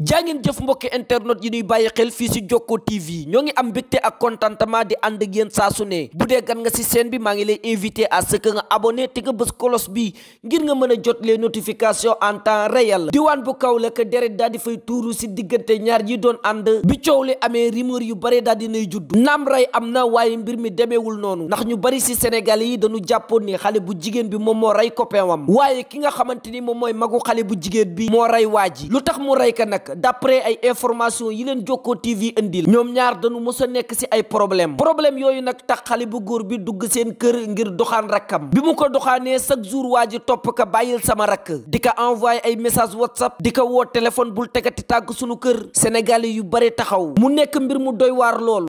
jaa ngeen jëf mbokki internet yi ñuy bàyyi xel fii si Jokko TV ñoo ngi am mbégte ak contentement di ànd ak yéen saa su ne bu dee gan nga si seen bi maa ngi lay invité à ce que nga abone te nga bës kolos bi ngir nga mën a jot les notifications en temps réel diwaan bu kaw la que deret daal di fay tuuru si diggante ñaar yi doon ànd bi coow li amee rumeur yu bare daal di nay judd naam rey am na waaye mbir mi demeewul noonu ndax ñu bari si Sénégal yi dañu jàppoon ni xale bu jigéen bi moom moo rey copain waaye ki xamante ni moom mooy magu xale bu jigéen bi moo rey waa ji lu tax mu rey ka nag nag d'après ay information yi leen Jokko TV indi ñoom ñaar dañu mës a nekk si ay problème problème yooyu nag tax xale bu góor bi dugg seen kër ngir doxaan rakkam bi mu ko doxaanee chaque jour waa ji topp ko bàyyil sama rakk di ko envoyé ay message whatsapp di ko woo téléphone bul tegati tàgg suñu kër sénégalais yu bare taxaw mu nekk mbir mu doy waar lool